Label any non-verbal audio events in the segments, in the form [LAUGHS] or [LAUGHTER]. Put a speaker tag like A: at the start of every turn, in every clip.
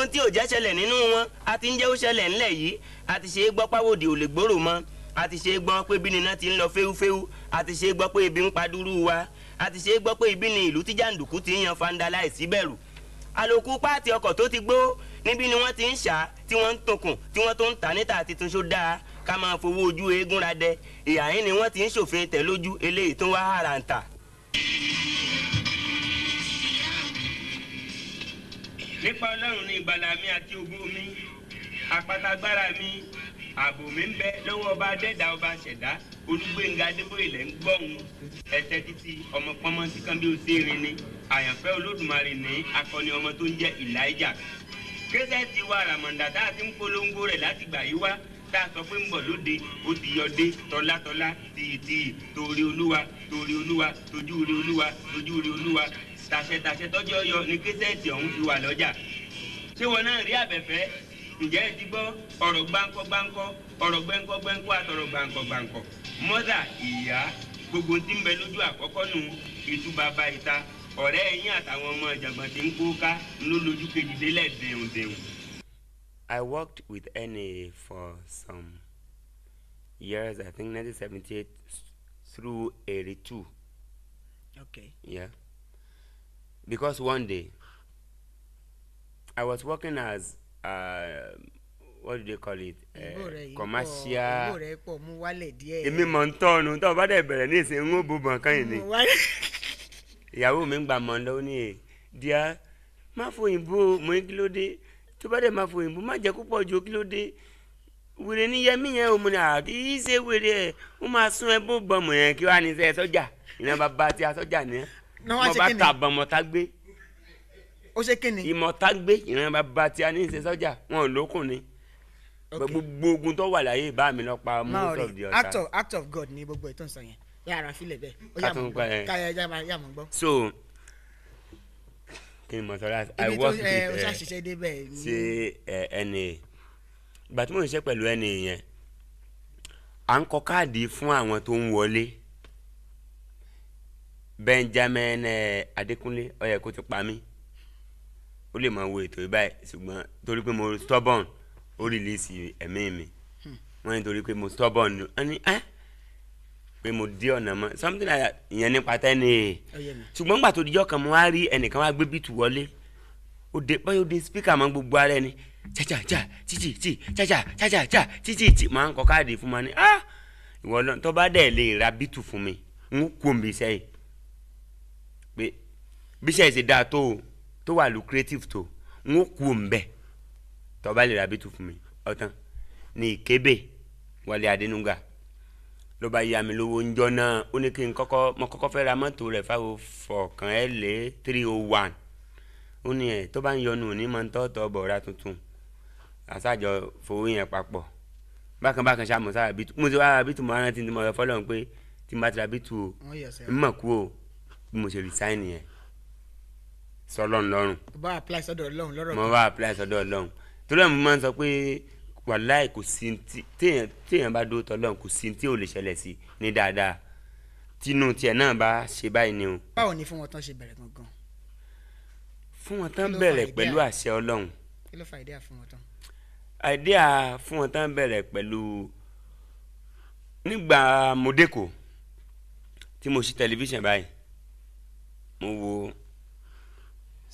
A: ohun tí ò jẹ́ ṣẹlẹ̀ nínú wọn a ti
B: ń jẹ́ ó ṣẹlẹ̀ ńlẹ̀ yìí a ti ṣe é gbọ́ páwòdì ò lè gbòòrò mọ́ a ti ṣe é gbọ́ pé bí níná ti ń lọ fẹ́húfẹ́hú a ti ṣe é gbọ́ pé ibi ń padúrú wa a ti ṣe é gbọ́ pé ibi ni ìlú tí jàǹdùkú ti ń yan fanda láìsí bẹ̀rù àlòkù páàtì ọkọ̀ tó ti gbó níbi ni wọ́n ti ń ṣá tí wọ́n ń tokùn tí wọ́n tó ń tà níta àti túnṣó dáa ká máa fowó ojú eégún ra dẹ ìhàyín ni wọ́n ti ń ṣòfin tẹ̀ lójú eléyìí tó wá hàràǹtà. nípa ọlọ́run ni ìgbàlà mi àti ògo mi àpátágbára mi ààbò mi ń bẹ lọ́wọ́ ọba adẹ́dá ọba ṣẹ̀dá olúgbénga adébóyè lẹ́ ń gbọ́hùn ẹ̀tẹ́ títí ọmọ pọ́nmọ́ sí kan bí o ṣe rin ni àyànfẹ́ olódùmarè ní akọni ọmọ tó ń jẹ́ ìláìjà késẹ́ẹ̀tì wa ràmọ̀ǹdà tá a ti ń polongo rẹ̀ láti gbà yí wá tá a sọ pé ń bọ̀ lóde ó ti yọ dé tọ́látọ́lá tìyìtìyì torí olúwa torí olúwa tójú rí olúwa tójú rí olúwa tàṣẹtàṣẹ tọ́jú ọyọ ni késẹ́ẹ̀tì ọ̀hún fi wà lọ́jà ṣé wọn náà rí àbẹ̀fẹ́ ǹjẹ́ ẹ ti gbọ́ ọ̀rọ̀ gbáǹkọ́ gbáǹkọ́ ọ̀rọ̀ gbẹ́ǹkọ́ gbẹ́ǹkọ́ àtọ̀rọ̀ gbàǹkọ́ gbàǹkọ́ mọ́dà ìyá gbogbo tí ń bẹ lójú àkọ́kọ́ nù ìtú bàbá ìta ọ̀rẹ́ ẹ̀yìn àtàwọn ọmọ ìjàngbọ̀n tí ń kó ká ló lójú kejìlélẹ̀ dẹ̀hùn dẹ̀hùn. I worked with NAA for some years, I think 1978 through 82. Okay. Yeah because one day I was working as uh, what do they call it uh, commercial
C: èmi mọ̀ ń
B: tọ́nu tó o bá dẹ̀ bẹ̀rẹ̀ ní ìsìn ń bú bọ̀n kan yìí ni ìyàwó mi ń gbà mọ̀ lọ́wọ́ ní e díà má fòyìnbó mọ̀ ní kí ló dé tó bá dẹ̀ má fòyìnbó má jẹ́ púpọ̀ ju kí wèrè ní yẹmí yẹn ò mú ni àkì í wèrè ẹ̀ ó máa sún ẹ bó bọ̀ mọ̀ yẹn kí wàá ní sẹ́ sọ́jà ìnáwó bá ti a sọ́jà nìyẹn mo bá ta àbọ̀n mọ̀ta gbé. ó ṣe kíni. ìmọ̀ta gbé ìran bàbá tí a ní ìṣe sọ́jà wọn ò lókun ni gbogbo ogun tó wà láyé bá mi lọ pa most of the ọ̀tá.
C: act of god ni gbogbo ètò ìsàn yẹn yàrá filẹ̀ bẹ́ẹ̀ ó yà mọ̀ gbọ́ yà mọ̀ gbọ́.
B: so kí ni mo sọ láti i work with ẹ eh, ṣe ẹni eh, ìgbà tí mo ń ṣe pẹ̀lú ẹni yẹn à ń kọ káàdì fún àwọn tó ń wọlé benjamin eh, Adekunle, ó yẹ kó ti pa mí ó lè máa wo ètò yìí báyìí ṣùgbọ́n torí pé mo stubborn ó rìlíìsì ẹ̀mí mi wọ́n ní torí pé mo stubborn ni wọ́n ní ẹ́ pé mo dé ọ̀nà mọ́ something like that ìyẹn nípa tẹ́ni ẹ̀ ṣùgbọ́n nígbà tó dijọ́ kan mo wá rí ẹnìkan wá gbé bìtù wọlé ó dé báyọ̀ dé speaker mọ́ gbogbo ara ẹni chacha cha chichi chi chacha chacha cha chichi chi máa ń kọ káàdì fún ma ni ah ìwọ lọ tó bá dẹ̀ lè ra bìtù fún mi n kò mí sẹ́yìn pé bí iṣẹ́ ìṣe dáa tó o tó wà lucrative tó n ó kú òǹbẹ tọ́ba lè ra bí tu fún mi ọ̀tán ní ìkébè wọlé adénúgà ló bá yá mi lówó ńjọ náà ó ní kí n kọ́kọ́ mo kọ́kọ́ fẹ́ ra mọ́tò rẹ̀ fáwọn fọ̀ọ̀kan ẹ̀ lé three oh one ó ní ẹ̀ tó bá ń yọnu ní máa ń tọ́tọ̀ bọ̀ ra tuntun àṣàjọ fowó yẹn papọ̀ bákan bákan ṣáà mo sára bí tu mo ti wá ra bí tu mo rántí mo sọ fọlọ́run pé tí mo bá ti ra bí tu o n mọ̀ kú o bí mo ṣe resign yẹn sọlọ́n lọ́rùn.
C: mo bá apply sọ́dọ̀ ọlọ́run lọ́rọ̀ kan. mo bá
B: apply sọ́dọ̀ ọlọ́run torí àwọn máa ń sọ pé wàláì kò sí téèyàn téèyàn bá dúró tọ́lọ́run kò sí tí ò lè ṣẹlẹ̀ sí ní dáadáa tínú tiẹ̀ náà bá ṣe báyìí ni o.
C: báwo ni fún wọn tán ṣe bẹ̀rẹ̀ gangan.
B: fún wọn tán bẹ̀rẹ̀ pẹ̀lú àṣẹ ọlọ́run.
C: kí ló fa ìdíà fún wọn tán.
B: ìdíà fún wọn tán bẹ̀rẹ̀ pẹ̀lú nígbà mọ̀dẹ́kọ̀ tí mo ṣí tẹlifíṣàn báyìí mo wo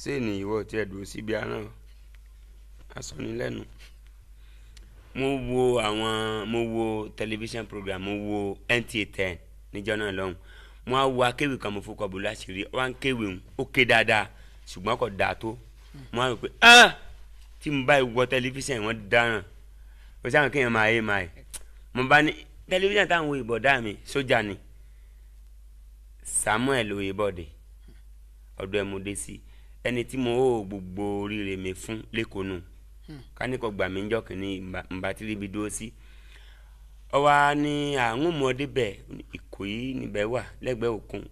B: ṣé ni ìwọ tiẹ̀ dúró síbi àná asọ́nilẹ́nu mo wo àwọn mo wo tẹlifíṣàn program mo wo NTA ten níjọ́ náà lọ́hùn mo á wo akéwì kan mo fọkọ bò láṣìírí wá ń kéwì ń ó ké dáadáa ṣùgbọ́n kò dáa tó mo á rò pé ah tí mo bá wọ tẹlifíṣàn wọn dáràn o sáà kéèyàn máa yé máa yé mo bá ní tẹlifíṣàn táwọn ìbọ̀dá mi sójà ni Samuel Oyèbọ̀dé ọ̀dọ̀ ẹ̀ si sí ẹni mo gbogbo oríire mi fún lẹ́kọ̀ọ́ nù hmm. gbà mí jọ́ kìíní ìbá tí dúró sí ni àwọn ọmọdé bẹ̀ Ìkòyí níbẹ̀ wà lẹ́gbẹ̀ẹ́ òkun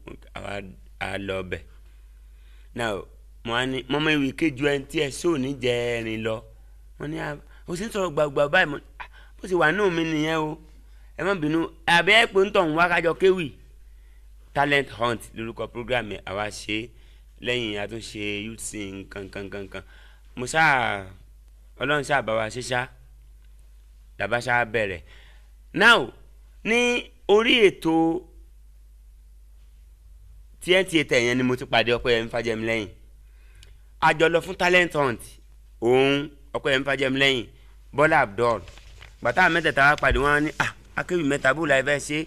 B: àlọ́ na náà mọ́mọ́ ìwé kejì ẹni tí ẹ lọ sì ń gbàgbà báyìí mo bó wà nìyẹn o ẹ bínú talent hunt lórúkọ program àwa ṣe é lẹ́yìn àtúnṣe youth sing kankankankan mo ṣáà ọlọ́run ṣáà bá wa ṣe ṣá làbá ṣáà bẹ̀rẹ̀ now ní orí ètò tnt tẹ̀yẹn ni mo ti pàdé Ọpẹ́yẹmí Fájẹmílẹ́yìn a jọ lọ fún talent hunt òun Ọpẹ́yẹmí Fájẹmílẹ́yìn Bọ́lá Abdul bàtà mẹ́tẹ̀ẹ̀ta wá pàdé wọn ní à ah, akéwì mẹ́ta bó la ẹ fẹ́ ṣe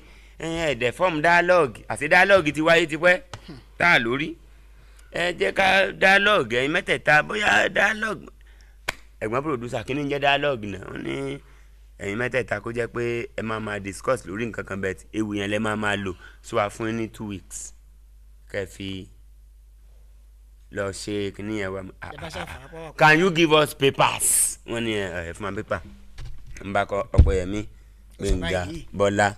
B: ẹ̀ẹ́dẹ̀ fọ́ọ̀mù dialogue àti dialogue ti wáyé tipẹ́ tá a lórí ẹ jẹ́ ká dialogue ẹ̀yin mẹ́tẹ̀ẹ̀ta bóyá dialogue ẹ̀gbọ́n producer kí ni jẹ́ dialogue náà ó ní ẹ̀yin kó jẹ́ pé ẹ máa máa discuss lórí nǹkan kan bẹ́ẹ̀ ewu yẹn lẹ́ máa máa lò so a fún ní two weeks kẹ́ fi lọ ṣe kíní yẹn wá ah, ah, ah, can you give us papers wọ́n ní ẹ̀ fún wa paper ń bá kọ́ Ọ̀pẹ̀yẹmí Gbẹ́ngà Bọ́lá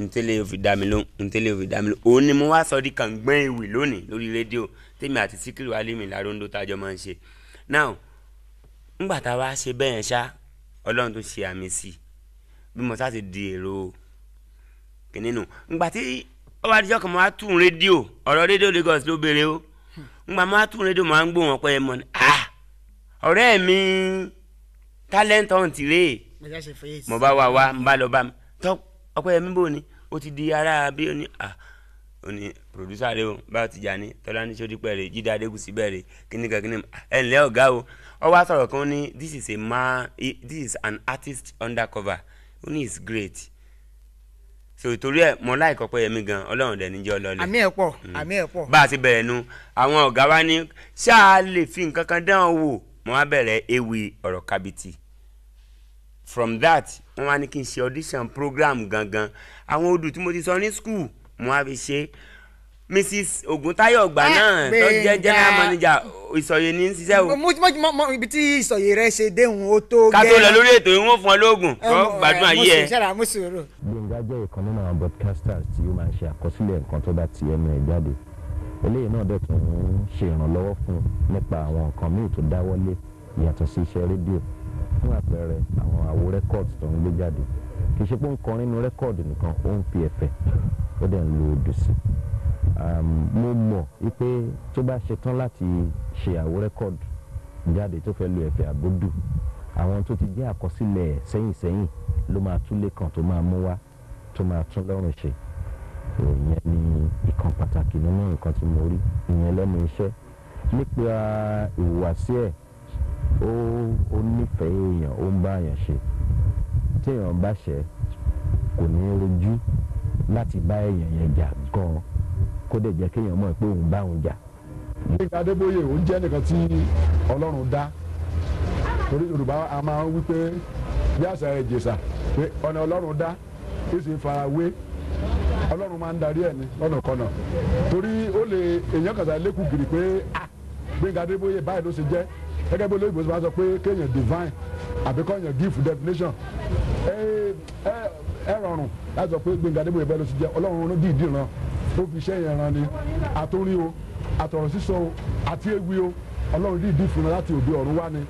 B: ntẹ́lẹ̀ yóò fi dá mi lóhùn ntẹ́lẹ̀ yóò fi dá mi lóhùn òun ni mo wá sọ di kàngbọ́n ìwé lónìí lórí rédíò tèmi àti síkírù alimi larondo tájọ máa ń ṣe now ngbà tá a wá ṣe bẹ́ẹ̀ ṣá ọlọ́run tó ṣe àmì sí bí mo sáà ti di èrò kìnínú ngbà tí ọba àtijọ́ kan máa tún rédíò ọ̀rọ̀ rédíò Lagos ló béèrè o ngbà máa tún rédíò máa ń gbóhùn ọ̀pẹ ẹ̀ mọ́ ni ọ̀rẹ́ mi talent hunt rèé mo bá wà wá n bá lọ bá mi tọ́ Ọpẹ́yẹmí bò ní ó ti di ara bí ó ní à ó ní pòdúsà rẹ o bá ti jà ní tọ́lá ní sódì pẹ̀rẹ̀ jíde adégúsí bẹ̀rẹ̀ kíníkan kíní ẹ̀ ǹlẹ́ ọ̀gá o ọ wá sọ̀rọ̀ kan ní this is a man this is an artist undercover ó is great so torí ẹ mọ láì kọpẹ yẹmi gan Ọlọ́run dẹ níjẹ ọlọlẹ. àmì ẹ pọ̀ mm. àmì ẹ pọ̀. bá a ti bẹ̀rẹ̀ nu àwọn ọ̀gá wa ní ṣáà lè fi nǹkan kan dán an wò mo wá bẹ̀rẹ̀ ewì ọ̀rọ̀ kabiti from that wọ́n wá ní kí n ṣe audition program gangan àwọn odù tí mo ti sọ ní school mo wá fi ṣe mrs oguntayo ọgbà ah, náà tó jẹ́ general manager ìsọ̀yè ní ṣiṣẹ́ o. mo
C: mo mo ibi tí ìsọ̀yè rẹ ṣe déhùn ó tó gẹ́. ká tó lọ lórí
B: ètò yìí wọ́n fún ọ lóògùn kó
C: gbádùn ayé ẹ. mo sì ṣàrà mo sì
D: rò. gbẹ̀ngà jẹ́ ìkan nínú àwọn broadcasters tí ó máa ń ṣe àkọsílẹ̀ nǹkan tó bá ti ẹnu ẹ̀ jáde eléyìí náà dẹ̀ tún ń ṣe ìrànlọ́wọ́ fún un nípa àwọn nǹkan míì tó dáwọ́lé yàtọ̀ sí iṣẹ́ rédíò fún àpẹẹrẹ àwọn àwo rẹ́kọ̀dì tó ń gbé jáde kì í ṣe pé ó ń kọrin nínú rẹ́kọ̀dì nìkan ó ń fi ẹ̀fẹ̀ ó dẹ̀ ń lo odò sí mo mọ̀ wípé tó bá ṣetán láti ṣe àwo rẹ́kọ̀dì jáde tó fẹ́ lo ẹ̀fẹ̀ àbódù àwọn tó ti jẹ́ àkọsílẹ̀ sẹ́yìn sẹ́yìn ló máa tún lẹ́kàn tó máa mú wá tó máa tún lọ́rùn ṣe ìyẹn ni ìkan pàtàkì nínú nǹkan tí mo rí ìyẹn lẹ́nu iṣẹ́ nípa ìhùwàsí ẹ̀ ó ó nífẹ̀ẹ́ èèyàn ó ń bá èèyàn ṣe tí èèyàn bá ṣẹ̀ kò ní rojú láti bá èèyàn yẹn jà gan-an kó dẹ̀ jẹ́ kéèyàn mọ̀ pé òun bá òun jà. Gbẹ̀ngà Adébóyè òun jẹ́ nìkan tí Ọlọ́run dá torí Yorùbá a máa ń wí pé bí àṣà ìjèṣà pé ọ̀nà Ọlọ́run dá
B: kí sì fara wé Ọlọ́run máa ń darí ẹ̀ ní lọ́nàkọ́nà torí ó lè èèyàn kàtà lékùn gìrì pé ah, Gbẹ̀ngà Adébóyè báyìí ló ṣe jẹ́ gẹ́gẹ́ bí olóyìnbó ti máa sọ pé kéèyàn divine àbí kọ́yàn gift definition ẹ rọrùn láti sọ pé Gbẹ̀ngà Adébóyè bẹ́ẹ̀ ló ti jẹ́ Ọlọ́run ló dìídì ran ó fi iṣẹ́ yẹn ran ni àtòrin o àtọ̀rọ̀ sísọ o àti ewì o Ọlọ́run dìídì fún un láti òde ọ̀run wá ni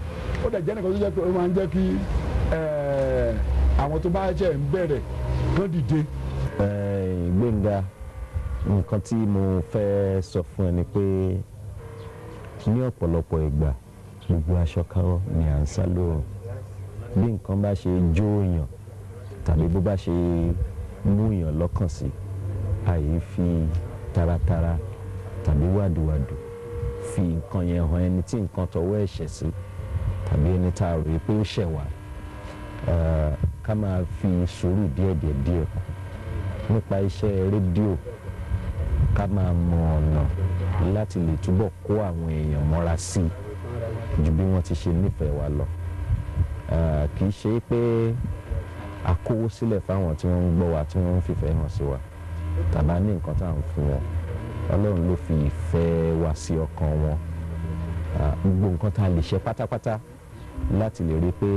B: ó dẹ̀ jẹ́ nìkan tó jẹ́ pé ó máa ń jẹ́ kí àwọn tó bá jẹ́ ń bẹ̀rẹ̀
D: kán dìde. Gbẹ̀ngà nǹkan tí mo fẹ́ sọ fún ẹ ni pé ní ọ̀pọ̀lọpọ̀ ìgbà gbogbo aṣọ káwọ́ ni à ń sá lóòrùn bí nǹkan bá ṣe jó èèyàn tàbí bó bá ṣe mú èèyàn lọ́kàn sí àyè fi taratara tàbí wàdùwàdù fi nǹkan yẹn hàn ẹni tí nǹkan tọwọ́ ẹ̀ṣẹ̀ sí tàbí ẹni tá a rò pé ó ṣẹ̀ wá ká máa fi sùúrù díẹ̀díẹ̀ díẹ̀ kù nípa iṣẹ́ rédíò ká máa mọ ọ̀nà láti lè túbọ̀ kó àwọn èèyàn mọ́ra sí i ju bí wọ́n ti ṣe nífẹ̀ẹ́ wa lọ kì í ṣe pé a kówó sílẹ̀ fáwọn tí wọ́n ń gbọ́ wa tí wọ́n ń fìfẹ́ hàn sí wa tàbá ní nǹkan tá à ń fún wọn ọlọ́run ló fi ìfẹ́ wa sí ọkàn wọn gbogbo nǹkan tá a lè ṣe pátápátá láti lè rí pé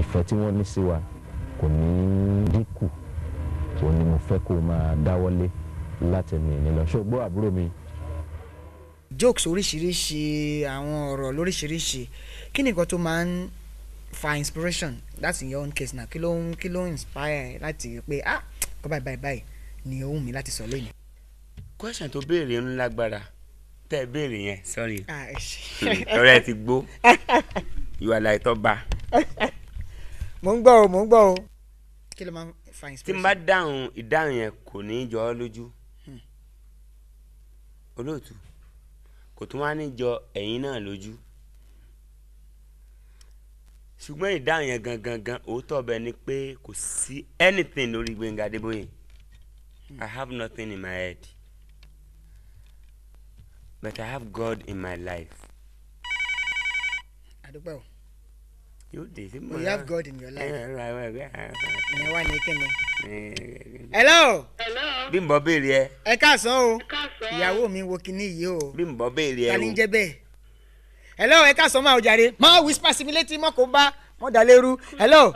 D: ìfẹ́ tí wọ́n ní sí wa kò ní dínkù òun mo fẹ́ kó máa dáwọ́lé látẹ̀mí ìnílọ ṣùgbọ́n àbúrò mi
C: jokes oríṣiríṣi àwọn ọ̀rọ̀ lóríṣiríṣi kí ni nǹkan tó máa ń fa inspiration that's in your own case na kí ló ń kí ló ń inspire láti pé ah kọ́ báyìí báyìí báyìí ni ó wù mí láti sọ lónìí.
B: question tó béèrè ń lágbára tẹ́ ẹ béèrè yẹn sorry ah, hmm, ọ̀rẹ́ ti gbó ìwà láìtọ́ bá.
C: mo ń gbọ́ o mo ń gbọ́ o kí ló máa ń
B: fa inspiration. tí n bá dáhùn ìdáhùn yẹn kò ní í jọ ọ́ lójú hmm. olóòtú. Hmm kò tún wá ní jọ ẹ̀yin náà lójú ṣùgbọ́n ìdáhùn yẹn gangan òótọ́ ọbẹ̀ ni pé kò sí anything lórí Gbẹ́ngà Adébóyè I have nothing in my head but I have God in my life. adúpẹ́ o you have God in your life. Eh, ní wà ní kíni. Eh, hello. bí n bọ́ béèrè ẹ.
C: ẹ káàsán o ìyàwó mi wo kinní yìí o. bí n bọ́ béèrè ẹ o. ta ni jẹ́ bẹ́ẹ̀. hello ẹ káàsán máa jàre máa wíṣípà sí mi létí mọ́ bá wọ́n dá hello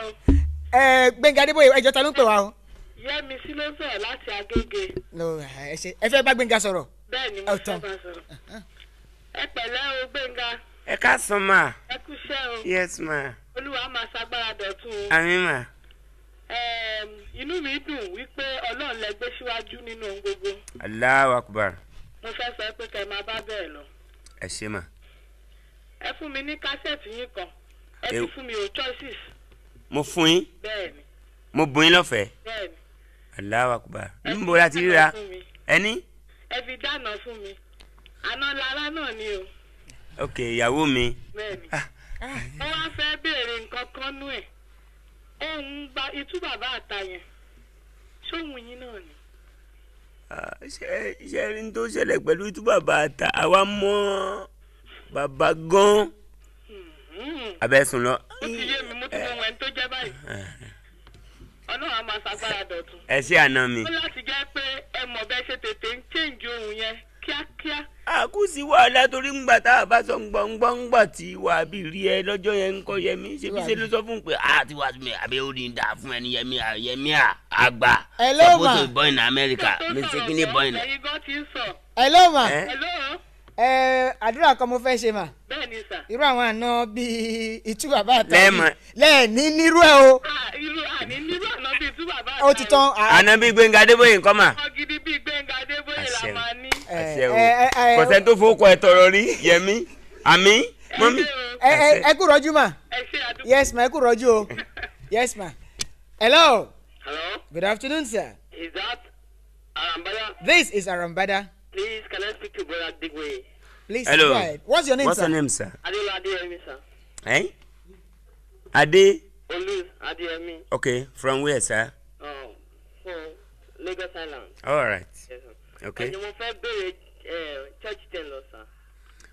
C: ẹ eh, Gbẹ́ngà Adébóyè ẹjọ́ ta ló ń pè wá o.
A: yẹ́mi sí ló sọ̀rọ̀ láti
C: Agége. ẹ fẹ́ bá Gbẹ́ngà sọ̀rọ̀.
A: bẹ́ẹ̀ mo fẹ́ bá sọ̀rọ̀. ẹ pẹ̀lẹ́ o Gbẹ́ngà
C: ẹ ká sàn ma.
A: ẹ kú iṣẹ́ o. yes ma. olúwa máa ṣagbára dọ̀tún o. àmín ma. inú mi dùn wípé ọlọ́run lẹ gbé síwájú nínú ohun gbogbo.
B: Allahu Akbar.
A: mo fẹ́ sọ pé kẹ́ ẹ máa bá bẹ́ẹ̀ lọ. ẹ ṣe mà. ẹ fún mi ní kásẹ̀tì yín kan ẹ ti fún mi o choices.
B: mo fún yín. bẹ́ẹ̀ni. mo bùn yín lọ́fẹ̀ẹ́. bẹ́ẹ̀ni. Allahu Akbar. níbo la ti ríra ẹni.
A: ẹ fi dáná fún mi àná lára náà ni o
B: ok ìyàwó mi.
A: bẹ́ẹ̀ni wọn ah. wá fẹ́ béèrè nǹkan kan nú ẹ òun gba itú bàbá àta yẹn ṣóhun yín náà ni.
B: Ah, ṣe rí n tó ṣẹlẹ̀ pẹ̀lú itú bàbá àta àwa mọ̀ bàbá gan-an
A: hmm. abẹ́sùn lọ. ó ti yé mi mo ti mọ ohun ẹni tó jẹ́ báyìí ọlọ́run á máa ṣagbára dọ̀tun.
B: ẹ ṣé àná mi. ó
A: láti jẹ́ pé ẹ mọ̀ bẹ́ẹ̀ ṣe tètè ń change ohun yẹn
B: kíákíá. àkú sí wàhálà torí ń gbà tá a bá sọ ngbọ̀ngbọ̀n ngbà tí wàá bí rí ẹ lọ́jọ́ yẹn ń kọ́ yẹmi ṣebí ṣe ló sọ fún un pé a ti wá mi àbí ó ní í fún ẹni yẹmi à yẹmi à àgbà suppose to born in America mi ṣe kí ni born in. hello ma
C: ẹ àdúrà kan mo fẹ́ ṣe mà irú àwọn àna bíi itú bàbá àtàwọn lẹ́ẹ̀ni nírú ẹ o. ó ti tán. àná
B: bíi Gbẹ́ngà nǹkan mà àṣẹ o kọ̀sẹ́ tó fowó kọ ẹ tọrọ rí yẹmí àmì mọ́mí.
C: ẹ ẹ ẹ kú rọjú mà yes ma ẹ kú rọjú o [LAUGHS] yes ma hello. hello. good afternoon sir. is that arambada. this is arambada. please can i speak
B: to brother digwe. please hello. go what's your name what's sir. what's your name sir. adeola adeyemi sir. Eh? ade. olu adeyemi. okay from where sir. Oh, from lagos island. all right. Yes, sir ẹni mo fẹ́ bèrè church ten lọ sàn.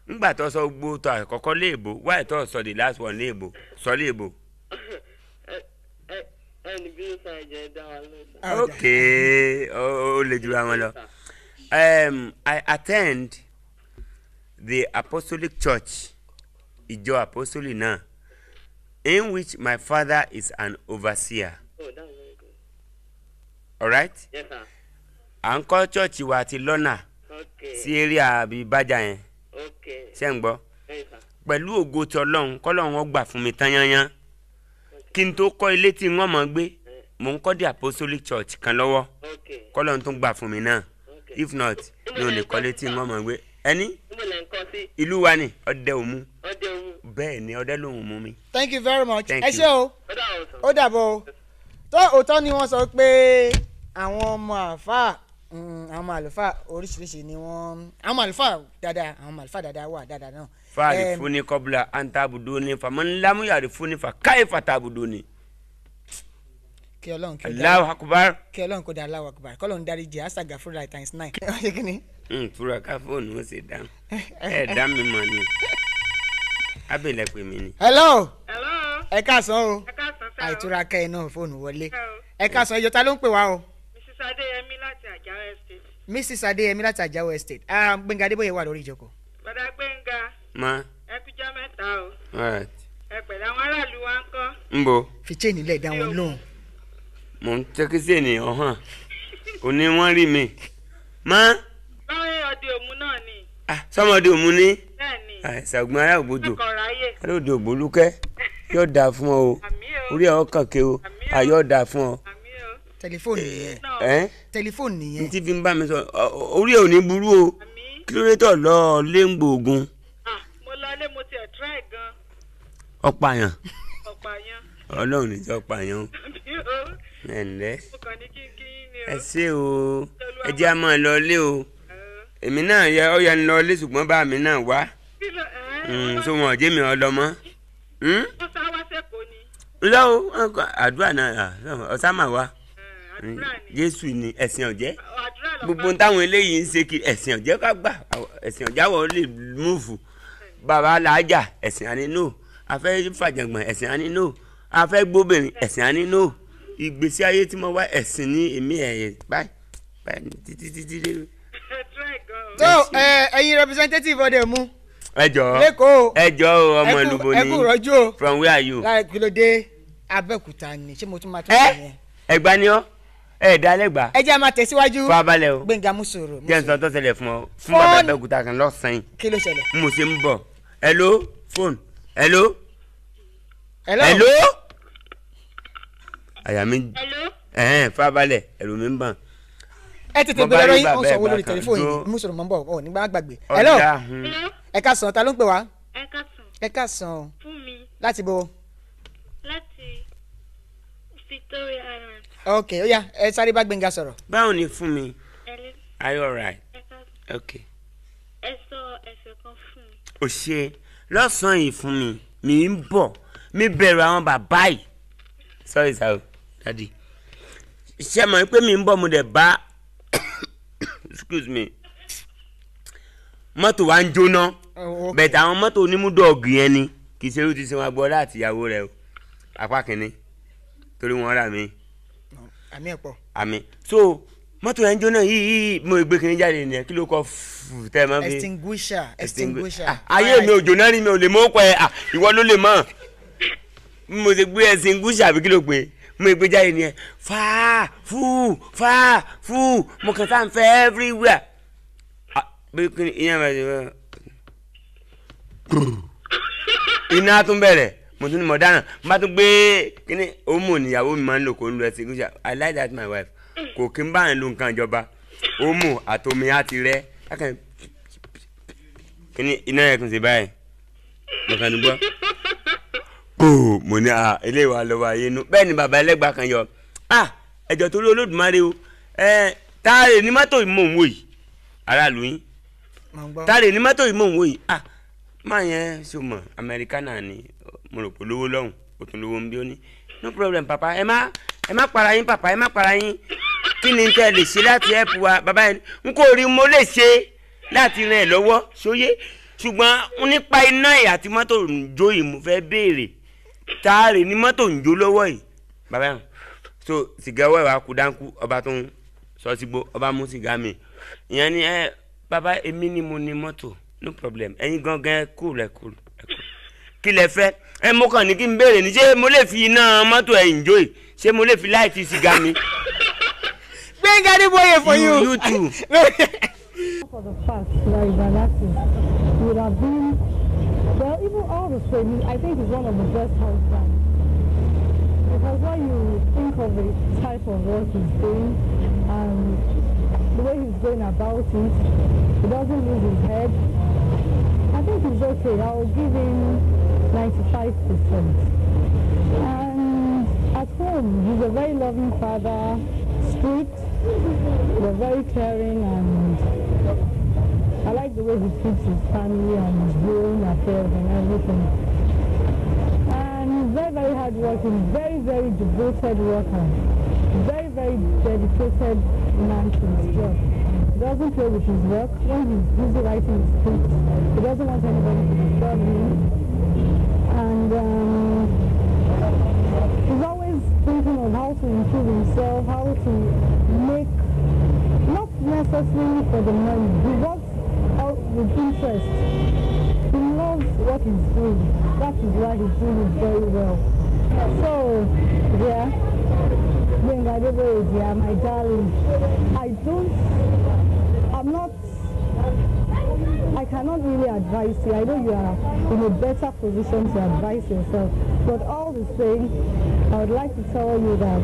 B: ngbà tó sọ gbó tó àkọ́kọ́ léèbó wáyé tó sọ the last one léèbó sọ léèbó. [LAUGHS] ẹni bí ó sàn jẹ dá wa lóòótọ́. ok ó lè jura wọn lọ. I attend the apostolic church ìjọ apostolic náà in which my father is an overseer. Oh, that's very good. All right? Yes, sir à ń kọ́ chọ́ọ̀chì wa ti lọ́nà sí eré àbí bájà yẹn ṣe ń gbọ́ pẹ̀lú ògo ti ọlọ́run kọ́lọ́run ó fún mi tán yányán kí n tó kọ́ ilé tí wọ́n mọ̀ gbé mò ń kọ́ di apostolic church kan lọ́wọ́ kọ́lọ́run tó gbà fún mi náà if not mi ò lè kọ́ ilé tí wọ́n mọ̀ gbé ẹni ìlú wa ni ọdẹ òmu bẹ́ẹ̀ ni ọdẹ lòun mú mi. thank you very much
C: ẹ ṣé o ó dàbọ̀ o tó òótọ́ ni wọ́n sọ pé àwọn ọmọ àfáà Mm, àwọn àlùfáà oríṣiríṣi ni wọ́n àwọn àlùfáà dada, àwọn àlùfáà dáadáa wà dáadáa náà. fáàrí fúnni
B: kọ́bùlà antabudoni famanlamuyari fúnni fakáyéfà tabudoni
C: kí ọlọ́run kí ó dáa Allahu Akbar kí ọlọ́run kó dáa Allahu Akbar kọ́lọ́run dárí jẹ́ asaga fúra times nine. ẹ [LAUGHS] ṣe kíni.
B: Hmm, fúra ká fóònù ó sì dá ẹ dá mi mọ̀ ni abẹ́lẹ̀ pè mí ni. hello.
C: hello. ẹ káàsán o. ẹ káàsán sẹ́wọ̀n. àìtúra kẹ́ ẹ náà fóònù wọlé. ẹ káàsán ìjọta ló ń pè wá o àjáwá estate. mrs adéyẹmí láti àjáwá estate ah, gbẹ̀ngà adébóyè wà lórí ìjókòó. bàdá gbẹ̀ngà. ma. ẹ kújọ́ mẹ́ta o.
B: ẹ
C: pẹ̀lú àwọn aráàlú wa ń kọ́.
B: ń bo. fi chain nílẹ̀ dá wọn lóhùn. mò ń tẹ́kí sí ènìyàn hàn kò ní wọ́n rí mi. ma. báwo ọdẹ òmu náà ni. Ah, sọmọdé òmu ni. bẹ́ẹ̀ni. ṣàgbọ́n ará ògbódò ará òde ògbólúkẹ́ yóò dáa fún ọ o orí ẹ̀ ọkàn ké o ayọ̀ dáa fún ọ. tẹlifóònù yẹn tẹlifóònù nìyẹn. tí fi ń bá mi sọ orí ẹ ò ní burú o kílódétọ̀ lọ lé ń gbòògùn. Ah,
A: mo lọ ilé mo ti ẹ̀ tíráì gan.
B: ọ̀pọ̀ àyàn. ọ̀pọ̀ àyàn. ọlọ́run ní jọ pààyàn o. ẹ ǹlẹ́ ẹ ṣé o ẹ jẹ́ a máa lọ ilé o ah. èmi náà yẹ ọ yẹn lọ ilé ṣùgbọ́n bá mi náà wá hmm, so wọn ò jẹ́ mi ọlọ́mọ. ó hmm?
A: wá sẹ́kọ̀ọ́ ni.
B: lọ́wọ́ àdúrà náà ah, ọ̀sá mà wá jésù ni ẹ̀sìn ọ̀jẹ́ gbogbo táwọn eléyìí ń ṣe kí ẹ̀sìn ọ̀jẹ́ ká gbà ẹ̀sìn ọ̀jẹ́ àwọn lè múùfù bàbá làájà ẹ̀sìn àní afẹ́ fàjàngbọ̀n ẹ̀sìn àní afẹ́ gbóbìnrin ẹ̀sìn àní ìgbésí ayé tí mo wá ẹ̀sìn ní èmi ẹ̀yẹ báyìí títí títí dé.
C: tó representative ọdẹ mú
B: ẹjọ lẹkọọ ẹjọ ọmọ ìlú bo ni from where are you. láì
C: kí ló dé abẹ́òkúta ni ṣé mo tún máa tún bẹ̀rẹ̀.
B: ẹgbà ni ọ́ ẹ dá lẹ́gbàá. ẹ jẹ́ a
C: máa tẹ̀síwájú. fábalẹ̀ o gbẹ̀ngà musoro.
B: jẹ́ nsọ tó ṣẹlẹ̀ fún ọ fún bàbá bẹ́ẹ̀ kúta kan lọ́sàn-án. kí ló ṣẹlẹ̀. mo ṣe ń bọ̀ hello phone hello. hello. hello. àyà mi. hello. ẹ̀hẹ́n fábalẹ̀ ẹ̀rù mi ń bàn. ẹ tètè gbé lọ́rọ́ yín ọ̀sán wo lórí tẹlifóònù
C: musoro mọ́ bọ̀ hello. ẹ ká sàn ta ló ń pè wá. ẹ ká sàn ok ó yá ẹ sáré bá Gbẹ́ngà sọ̀rọ̀. báwo ni fún mi are
B: you alright ok. ẹ sọ ẹsẹ̀ kan fún mi. ò ṣe lọ́sàn-án yìí fún mi mi ń bọ̀ mi bẹ̀rù àwọn bàbá yìí sorry sir daddy ṣe mọ̀ pé mi ń bọ̀ mo dẹ̀ bá [COUGHS] excuse me mọ́tò wa ń jóná oh, bẹ̀tẹ̀ àwọn mọ́tò onímúdọ̀ọ̀gì yẹn ni kì í ṣe irú ti ṣe wọn agbọ́dá àtìyàwó rẹ o apá kìíní torí wọn rà mí àmì ẹ̀ pọ̀. àmì so mọ́tò yẹn jóná yìí mo gbé kiri jáde nìyẹn kí ló kọ́ tẹ́ ẹ máa fi.
C: extinguisher extinguisher. Ah, ayé
B: mi ò jóná ni mi ò lè mọ́ pẹ́ ah, ìwọ ló lè mọ́ mo ti gbé extinguisher àbí kí ló pé mo gbé jáde nìyẹn fáà fúù fáà fúù mo kàn sáà ń fẹ́ everywhere. Ah, bí kí ni ìyẹn máa ṣe fẹ́. iná tún bẹ̀rẹ̀ mo tún ní mo dáná mo tún gbé kíní omo níyàwó mi máa ń lò kó ń lo ẹsìn kí i like that my wife kò kí n bá ń lo nǹkan ìjọba omo àtomi á ti rẹ kákan kíní iná yẹn kún sí báyìí mo kàn ní gbọ́ pòò mo ní à ah, eléyìí wà lọ́wọ́ ayé nu bẹ́ẹ̀ ni bàbá ẹlẹ́gbàá kan yọ ah ẹ̀jọ̀ torí olódùmarè o ẹ̀ táàrè ní mọ́tò ìmọ̀ òun wò yìí aráàlú yín táàrè ní mọ́tò ìmọ̀ òun wò yìí ah máa yẹn so mọ̀ amẹ́ríkánà ni mo rò pé lówó lọ́hùn ó tún lówó ń bí ó ní no problem papa ẹ má ẹ má para yín papa ẹ má para yín kí ni tẹ́ lè ṣe láti ẹ̀pù wa bàbá yẹn n kò rí mo lè ṣe láti ràn ẹ́ lọ́wọ́ sóyè ṣùgbọ́n nípa iná ẹ̀ àti mọ́tò ń jó yìí mo fẹ́ béèrè táàrè ni mọ́tò ń jó lọ́wọ́ yìí bàbá yẹn so sìgá ọwọ́ ìwà kúdánkú ọba tó ń sọ sígbó ọba mú sìgá mi ìyẹn ni ẹ baba, èmi ni mo ni mọ́tò no problem ẹ̀yin gangan ẹ kúrò ẹ kúrò ẹ kúrò kí lẹ fẹ́ ẹ mo kàn ní kí n béèrè ní ṣé mo lè fi iná mọ́tò ẹ̀yìn jó yìí ṣé mo lè fi láì sìgá mi.
A: gbẹ̀ngà ní bóyè for you. you too. for the fact that you are laughing would have been well even all the same I think he's one of the best husbands because when you think of the type of work he's doing and the way he's going about it he doesn't lose his head I think he's okay I give him. 95%. And at home, he's a very loving father, strict, but very caring, and I like the way he treats his family and his own affairs and everything And very, very hardworking, very, very devoted worker, very, very dedicated man to his job. He doesn't play with his work. When he's busy writing his scripts, he doesn't want anybody to disturb him um, always thinking of how to improve himself, how to make, not necessarily for the money, he works out with interest. He loves what he's doing. That is why he's doing it very well. So, yeah, Benga Debo is yeah, my darling. I don't cannot really advise you. I know you are in a better position to advise yourself. But all the same, I would like to tell you that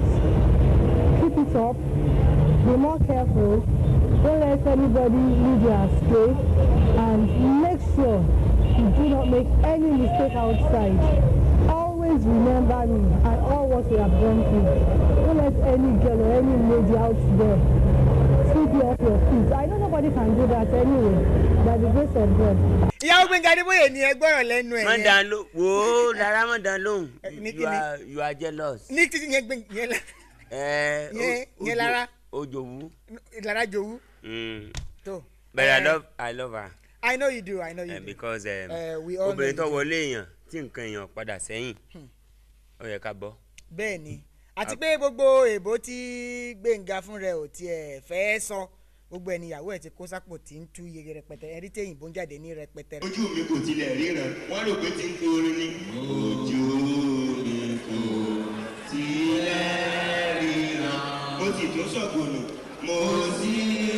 A: keep it up, be more careful, don't let anybody lead you astray, and make sure you do not make any mistake outside. Always remember me and all what you have done to me. Don't let any girl or any lady out there you off your feet. I know nobody can do that anyway, by the grace of God.
C: Ìyá Gbẹ̀ngà Adébóyè ni ẹ gbọ́rọ̀ lẹ́nu ẹ̀ yẹn. ló wò ó rárá
A: má dán
B: lóhùn. You are you are jealous.
C: Ní títí yẹn gbẹ̀ngà yẹn lára.
B: Ẹ̀ẹ́ yẹn lára. Ojòwú. Lára jòwú. Tó. But I love I love her.
C: I know you do I know you eh, do. Because eh, eh, obìnrin tó wọlé
B: èèyàn tí nǹkan èèyàn padà sẹ́yìn hmm. ó yẹ ká bọ́.
C: Bẹ́ẹ̀ni àti pé gbogbo èbó tí gbẹ̀ngà fún rẹ̀ ò tiẹ̀ fẹ́ sọ gbogbo ẹnìyàwó ẹ̀ ti kó sápò tí ń tú iye rẹpẹtẹ ẹrí tẹ̀yìn bó jáde ní
B: rẹpẹtẹ. ojú mi kò tilẹ̀ ríran wọ́n rò pé tí ń kórè ní. ojú mi kò tilẹ̀ ríran. mo sì tún sọ̀gbọ̀nù mo sì.